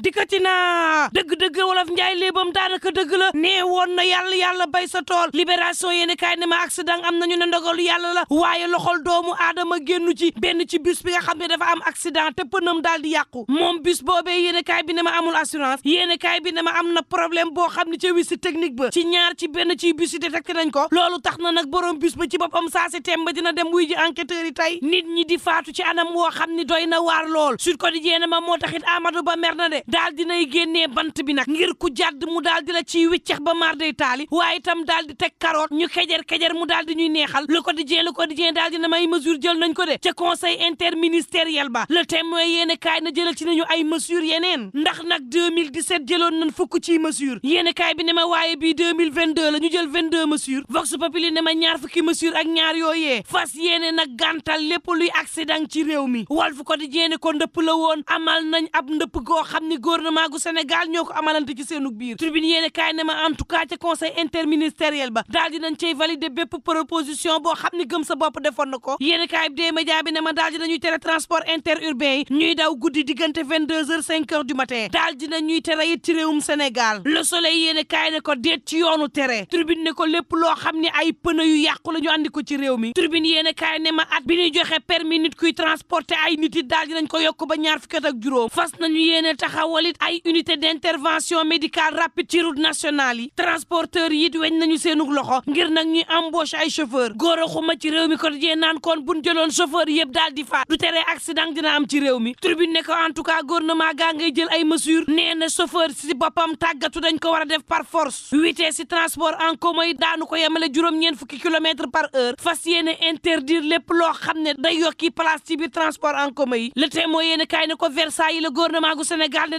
dikkati naa dëgg-dëgg wolof njaay léebam daanaka dëgg la nee woon na yàlla yàlla bay sa tool libération yéeni kaay ma accident am nañu ne ndogalu yàlla la waaye loxol doomu aadama génnu ci benn ci bus bi nga xam ne dafa am accident te pënam daal di yàqu moom bus boobee yéeni kaay bi ne ma amul assurance yéeni kaay bi ne ma am na problème boo xam ne ca wisi technique ba ci ñaar ci benn ci bus de détecté nañ ko loolu tax na nag borom bus ba ci boppam saa si temba dina dem wuy ji enquêteurs yi tey nit ñi di faatu ci anam woo xam ni doy na waar lool Sud Quotidien ma moo taxit Amadou Ba mer na de daal dinay génnee bant bi nag ngir ku jàdd mu daal di la ciy wiccex ba maar day taali waaye itam daal di teg carotte ñu kejer kejer mu daal di ñuy neexal le quotidien le quotidien daal dina may mesure jël nañ ko de ca conseil interministériel ba le témoin yéen kaay na jëlal ci nañu ay mesure yeneen ndax nag 2017 jëloon nañ fukk ci mesure yéen kaay bi ne ma waaye bi bii 2022 la ñu jël 22 mesure vox populi ne ma ñaar fukki mesure ak ñaar yooyee fas yéene nag gàntal lépp luy accident ci réew mi Walf Quotidien ko ndëpp la woon amal nañ ab ndëpp goo xam ni gouvernement gu Sénégal ñoo ko amalante ci seenu biir tribune yéene kaay ne ma en tout cas ca conseil interministériel ba daal dinañ cay valider bépp proposition boo xam ne gëm sa bopp defoon na ko yéene kaay bi dee média bi ne ma daal dinañuy tere transport daw guddi diggante vingt deux heures cinq heures du matin daal dinañuy tere it ci réewum Sénégal le soleil yéene ci yoonu tere tribune ne ko lépp loo xam ne ay pneu yu yàqu la ñu andi ko ci réew mi tribune yéene kaay ne at bi ñuy joxe permis nit kuy transporter ay nit it daal dinañ ko yokk ba ñaar fukki at ak juróom fas nañu yéene taxaw taxawalit ay unité d'intervention médicale rapide ci route nationale yi transporteurs yi it weñ nañu seenug loxo ngir nag ñuy embauche ay chauffeur góor a xuma ci réew mi ko jee naan kon buñ jëloon chauffeur yëpp daal di faat du teree accident dina am ci réew mi tribune ne ko en tout cas gouvernement gaa ngay jël ay mesures nee na chauffeur si boppam tàggatu dañ ko war a def par force vitesse si transport en commun daan daanu ko yemale juróom-ñeent fukki kilomètres par heure fas yéene interdire lépp loo xam ne day yokki place ci biir en commun yi le témoin yéene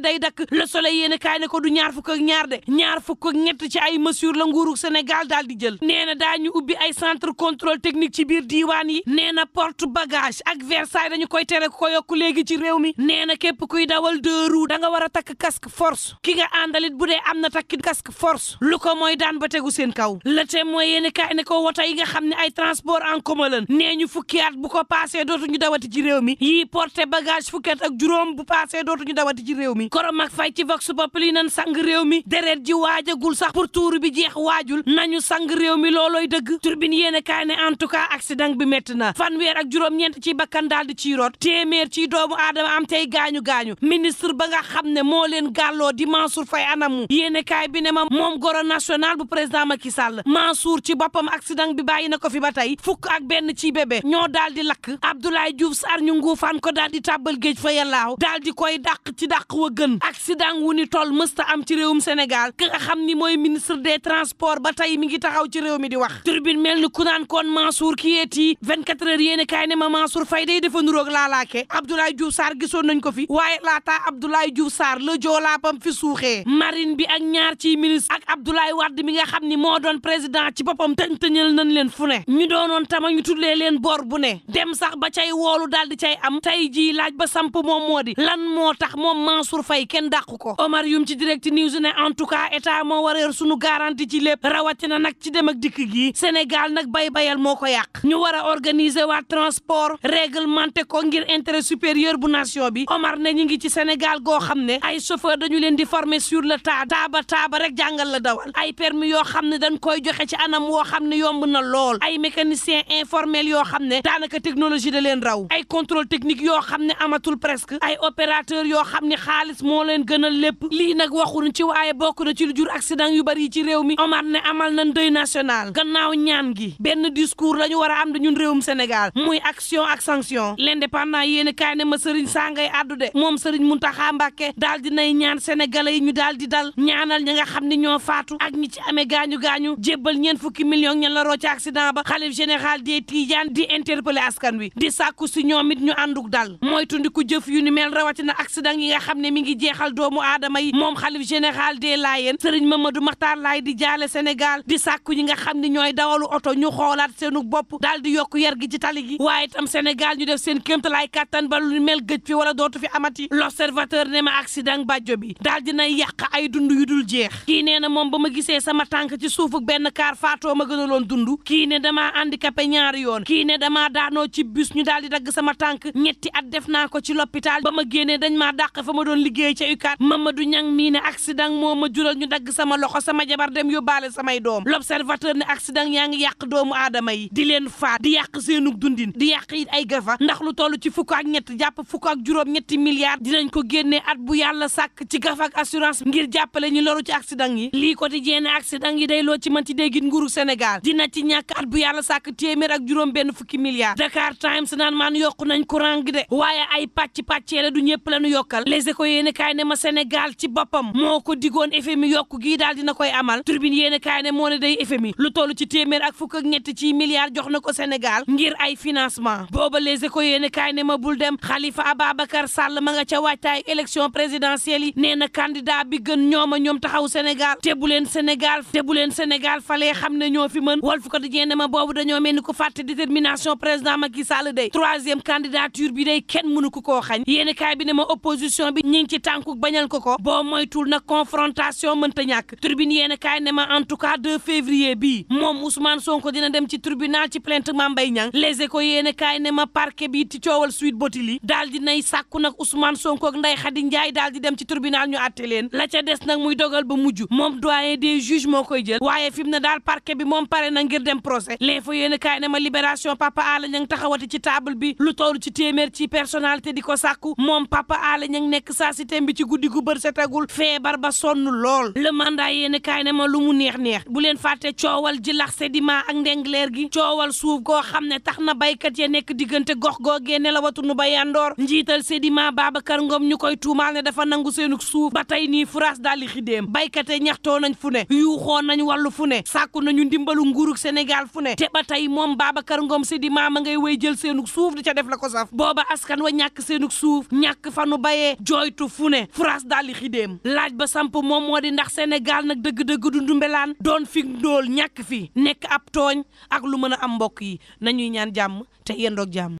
day dakk le soleil yéen kaay ko du ñaar fukk ak ñaar de ñaar fukk ak ñett ci ay mesures la nguuru Sénégal daal di jël nee na daañu ubbi ay centre contrôle technique ci biir diiwaan yi nee na porte bagage ak Versailles dañu koy tere ko yokku léegi ci réew mi nee na képp kuy dawal deux roues da nga war a takk casque force ki nga àndalit bu de am na takki casque force lu ko moy daan ba tegu seen kaw le Témoin yéen kaay ne ko woto yi nga xam ne ay transport en commun lan nee ñu fukki at bu ko paasee dootuñu dawati ci réew mi yii porte bagage fukki ak juróom bu paasee dootuñu dawati ci réew mi mi korom ak fay ci vox populi nan sang réew mi deret ji waajagul sax pour tuuru bi jeex waajul nañu sang réew mi loolooy dëgg turbine yéene kaay ne en tout cas accident bi métti fan fanweer ak juróom-ñeent ci bakkan daal di ciy root téeméer ci doomu aadama am tey gaañu-gaañu ministre ba nga xam ne moo leen gàlloo di Mansour Faye anamu yéene kaay bi ne ma moom goro national bu président Macky Sall Mansour ci boppam accident bi bàyyi na ko fi ba tey fukk ak benn ci bébé ñoo daal di lakk Abdoulaye Diouf Sarr ñu nguufaan ko daal di tàbbal géej fa yàllaaw daal di gën accident wu ni toll mësta am ci réewum Sénégal xam ni mooy ministre des transports ba tey mi ngi taxaw ci réew mi di wax turbine mel ni ku naan koon Mansour kiyeeti 24 heures yéeni kaay ne ma Mansour Faye day nuroog laalaake Abdoulaye Diouf Sarr gisoon nañ ko fi waaye laataa Abdoulaye Diouf Sarr la joolaapam fi suuxee marine bi ak ñaar ciy ministre ak Abdoulaye Wade mi nga xam ni moo doon président ci boppam tëñ-tëñal nañ leen fu ne ñu doonoon tama ñu tullee leen bor Mansour Faye kenn dàqu ko Omar Youm ci direct news ne en tout cas état moo wareer sunu garantie ci lépp rawatina nag ci dem ak dikk gi Sénégal nag bay bayal moo ko yàq ñu war a organiser waa transport réglementé ko ngir intérêt supérieur bu nation bi Omar ne ñu ngi ci Sénégal goo xam ne ay chauffeur dañu leen di former sur le tas taaba taaba rek jàngal la dawal ay permis yoo xam ne dañ koy joxe ci anam woo xam ne yomb na lool ay mécaniciens informels yoo xam ne daanaka technologie da leen raw ay contrôle technique yoo xam ne amatul presque ay opérateurs xaalis moo leen gënal lépp lii nag waxuñu ci waaye bokk na ci lu jur accident yu bari ci réew mi Omar ne amal nañ deuil national gannaaw ñaan gi benn discours la ñu war a am ñun réewum Sénégal muy action ak sanction l'indépendant yéeni kaay ne ma sëriñ sangay àddu de moom sëriñ Muntaxa Mbàkke daal dinay ñaan sénégalais yi ñu daal di dal ñaanal ñi nga xam ne ñoo faatu ak ñi ci amee gaañu-gaañu jébbal ñeen fukki million ñen la roo ci accident ba xalif général des Tidiane di interpeller askan wi di sàkku si ñoom it ñu ànduk dal mi ngi jeexal doomu aadama yi moom xalif général des Layènes sëriñ Mamadou Makhtar Laye di jaale Sénégal di sàkku ñi nga xam ne ñooy dawalu oto ñu xoolaat seenug bopp daal di yokk yar gi ci tali gi waaye tam Sénégal ñu def seen kéemtalaay kattan ba lu mel gëj fi wala dootu fi amati l'observateur ne ma accident bàjjo bi daal nay yàq ay dund yu dul jeex kii nee na moom ba ma gisee sama tànk ci suufu benn kaar faatoo ma gënaloon dundu kii ne damaa handicapé ñaari yoon kii ne damaa daanoo ci bus ñu daal di dagg sama tànk ñetti at def naa ci l'hôpital liggéey ca UCAD Mamadou Niang mii ne accident moo ma jural ñu dagg sama loxo sama jabar dem yóbbaale samay doom l'observateur ne accident yaa ngi yàq doomu aadama yi di leen faat di yàq seenug dundin di yàq it ay gafa ndax lu toll ci fukk ak ñett jàpp fukk ak juróom ñetti milliards dinañ ko génnee at bu yàlla sàkk ci gafa ak assurance ngir jàppale ñu loru ci accident yi lii quotidien accident yi day loo ci manti déggit nguuru Sénégal dina ci ñàkk at bu yàlla sàkk téeméer ak juróom benn fukki milliards Dakar Times naan maan yokku nañ courant gi de waaye ay pàcc pàccee la du ñëpp la yéen kaay ne ma Sénégal ci boppam moo ko digoon FMI yokku gii dina koy amal turbine yéen kaay ne moo ne day FMI lu toll ci téeméer ak fukk ak ñett ci milliards jox na ko Sénégal ngir ay financement booba les éco yéen kaay ne ma bul dem Khalifa Ababacar Sall ma nga ca waajtaay élection présidentielle yi nee na candidat bi gën ñoom a ñoom taxaw Sénégal te bu leen Sénégal te bu leen Sénégal falee xam ne ñoo fi mën Walf Quotidien ne ma boobu dañoo mel ni ko fàtte détermination président Macky Sall day troisième candidature bi day kenn mënu ko koo xañ bi ci tànku bañal ko ko boo moytul na confrontation mënta ñàkk tribune yéen kaay ne ma en tout cas 2 février bii moom Ousmane Sonko dina dem ci tribunal ci plainte Mame Mbaye Niang Les Échos yéen kaay ne ma parquet bi ci coowal Sweet Beauty li daal di nay sàkku nag Ousmane Sonko ak Ndeye Khady Ndiaye daal di dem ci tribunal ñu àtte leen la des nag muy dogal ba mujj moom doyen des juges moo koy jël waaye fi mu ne daal parquet bi moom pare na ngir dem procès L'Info yéen kaay ne ma libération Papa Alé Niang taxawati ci table bi lu toll ci téeméer ci personnalité di ko sàkku moom Papa Alé nekk sa laasitem bi ci guddi gu bër setagul feebar ba sonn lool le mandat yéen kaay ma lu mu neex neex bu leen fàtte coowal ji lax sédiment ak ndengleer gi coowal suuf goo xam ne tax na baykat ya nekk diggante gox goo ne la watunu ba yandoor njiital sédiment Babacar Ngom ñu koy tuumaal ne dafa nangu seenu suuf ba tey nii France daal di xidéem baykate ñaxtoo nañ fu ne yuuxoo nañu wàllu fu ne sàkku nañu ndimbalu nguurug Sénégal fu ne te ba tey moom Babacar Ngom sédiment ma ngay wéy jël seenu suuf di ca def la ko saf booba askan wa ñàkk seenu suuf ñàkk fanu bayee jooytu gëstu fu ne France daal di laaj ba samp moom moo di ndax Sénégal nag dëgg-dëgg du ndumbelaan doon fi ndóol ñàkk fi nekk ab tooñ ak lu mën a am mbokk yi nañuy ñaan jàmm te yendoog jàmm